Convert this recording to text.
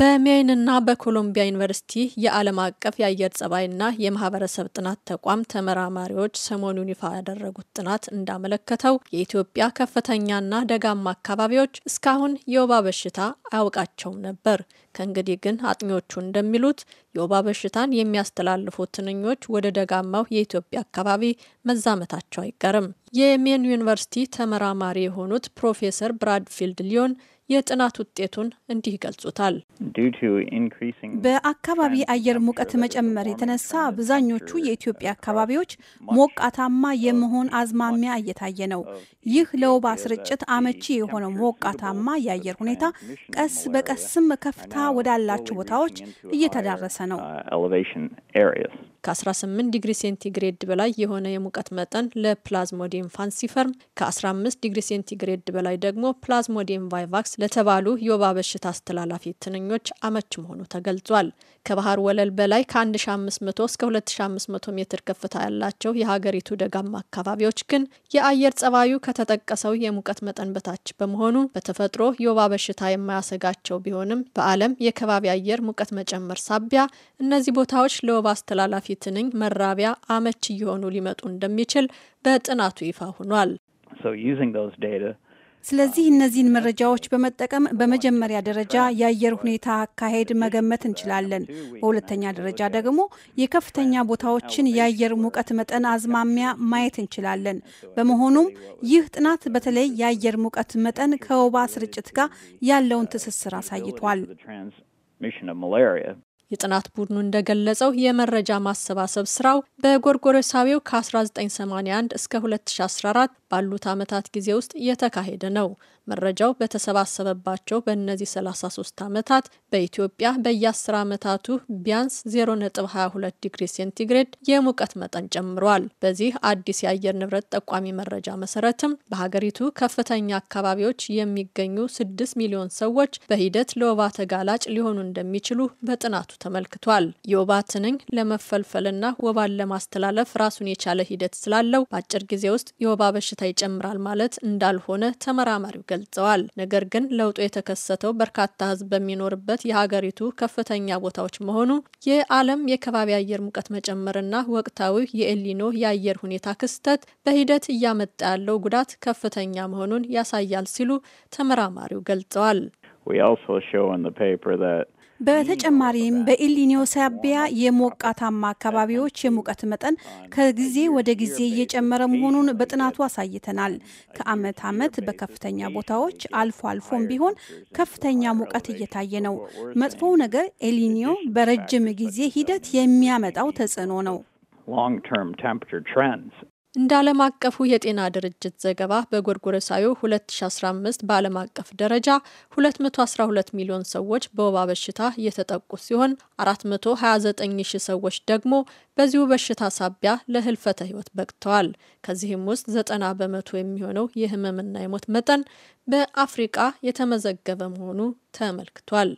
በሜይንና በኮሎምቢያ ዩኒቨርሲቲ የዓለም አቀፍ የአየር ጸባይና የማህበረሰብ ጥናት ተቋም ተመራማሪዎች ሰሞኑን ይፋ ያደረጉት ጥናት እንዳመለከተው የኢትዮጵያ ከፍተኛና ደጋማ አካባቢዎች እስካሁን የወባ በሽታ አያውቃቸውም ነበር። ከእንግዲህ ግን አጥኚዎቹ እንደሚሉት የወባ በሽታን የሚያስተላልፉ ትንኞች ወደ ደጋማው የኢትዮጵያ አካባቢ መዛመታቸው አይቀርም። የሜን ዩኒቨርሲቲ ተመራማሪ የሆኑት ፕሮፌሰር ብራድፊልድ ሊዮን የጥናት ውጤቱን እንዲህ ይገልጹታል። በአካባቢ አየር ሙቀት መጨመር የተነሳ አብዛኞቹ የኢትዮጵያ አካባቢዎች ሞቃታማ የመሆን አዝማሚያ እየታየ ነው። ይህ ለወባ ስርጭት አመቺ የሆነው ሞቃታማ የአየር ሁኔታ ቀስ በቀስም ከፍታ ወዳላቸው ቦታዎች እየተዳረሰ ነው። uh, ከ18 ዲግሪ ሴንቲግሬድ በላይ የሆነ የሙቀት መጠን ለፕላዝሞዲየም ፋንሲፈርም፣ ከ15 ዲግሪ ሴንቲግሬድ በላይ ደግሞ ፕላዝሞዲየም ቫይቫክስ ለተባሉ የወባ በሽታ አስተላላፊ ትንኞች አመች መሆኑ ተገልጿል። ከባህር ወለል በላይ ከ1500 እስከ 2500 ሜትር ከፍታ ያላቸው የሀገሪቱ ደጋማ አካባቢዎች ግን የአየር ጸባዩ ከተጠቀሰው የሙቀት መጠን በታች በመሆኑ በተፈጥሮ የወባ በሽታ የማያሰጋቸው ቢሆንም በዓለም የከባቢ አየር ሙቀት መጨመር ሳቢያ እነዚህ ቦታዎች ለወባ አስተላላፊ ትንኝ መራቢያ አመች እየሆኑ ሊመጡ እንደሚችል በጥናቱ ይፋ ሆኗል። ስለዚህ እነዚህን መረጃዎች በመጠቀም በመጀመሪያ ደረጃ የአየር ሁኔታ አካሄድ መገመት እንችላለን። በሁለተኛ ደረጃ ደግሞ የከፍተኛ ቦታዎችን የአየር ሙቀት መጠን አዝማሚያ ማየት እንችላለን። በመሆኑም ይህ ጥናት በተለይ የአየር ሙቀት መጠን ከወባ ስርጭት ጋር ያለውን ትስስር አሳይቷል። የጥናት ቡድኑ እንደገለጸው የመረጃ ማሰባሰብ ስራው በጎርጎሮሳዊው ከ1981 እስከ 2014 ባሉት ዓመታት ጊዜ ውስጥ እየተካሄደ ነው። መረጃው በተሰባሰበባቸው በእነዚህ 33 ዓመታት በኢትዮጵያ በየ10 ዓመታቱ ቢያንስ 0.22 ዲግሪ ሴንቲግሬድ የሙቀት መጠን ጨምሯል። በዚህ አዲስ የአየር ንብረት ጠቋሚ መረጃ መሰረትም በሀገሪቱ ከፍተኛ አካባቢዎች የሚገኙ 6 ሚሊዮን ሰዎች በሂደት ለወባ ተጋላጭ ሊሆኑ እንደሚችሉ በጥናቱ ተመልክቷል። የወባ ትንኝ ለመፈልፈልና ወባን ለማስተላለፍ ራሱን የቻለ ሂደት ስላለው በአጭር ጊዜ ውስጥ የወባ በሽታ ይጨምራል ማለት እንዳልሆነ ተመራማሪው ገልጸዋል። ነገር ግን ለውጡ የተከሰተው በርካታ ሕዝብ በሚኖርበት የሀገሪቱ ከፍተኛ ቦታዎች መሆኑ የዓለም የከባቢ አየር ሙቀት መጨመርና ወቅታዊ የኤሊኖ የአየር ሁኔታ ክስተት በሂደት እያመጣ ያለው ጉዳት ከፍተኛ መሆኑን ያሳያል ሲሉ ተመራማሪው ገልጸዋል። We also show in the paper that በተጨማሪም በኤልኒዮ ሳቢያ የሞቃታማ አካባቢዎች የሙቀት መጠን ከጊዜ ወደ ጊዜ እየጨመረ መሆኑን በጥናቱ አሳይተናል። ከዓመት ዓመት በከፍተኛ ቦታዎች አልፎ አልፎም ቢሆን ከፍተኛ ሙቀት እየታየ ነው። መጥፎው ነገር ኤልኒዮ በረጅም ጊዜ ሂደት የሚያመጣው ተጽዕኖ ነው። እንደ ዓለም አቀፉ የጤና ድርጅት ዘገባ በጎርጎረሳዩ 2015 በዓለም አቀፍ ደረጃ 212 ሚሊዮን ሰዎች በወባ በሽታ እየተጠቁ ሲሆን 429 ሺህ ሰዎች ደግሞ በዚሁ በሽታ ሳቢያ ለህልፈተ ህይወት በቅተዋል። ከዚህም ውስጥ 90 በመቶ የሚሆነው የህመምና የሞት መጠን በአፍሪቃ የተመዘገበ መሆኑ ተመልክቷል።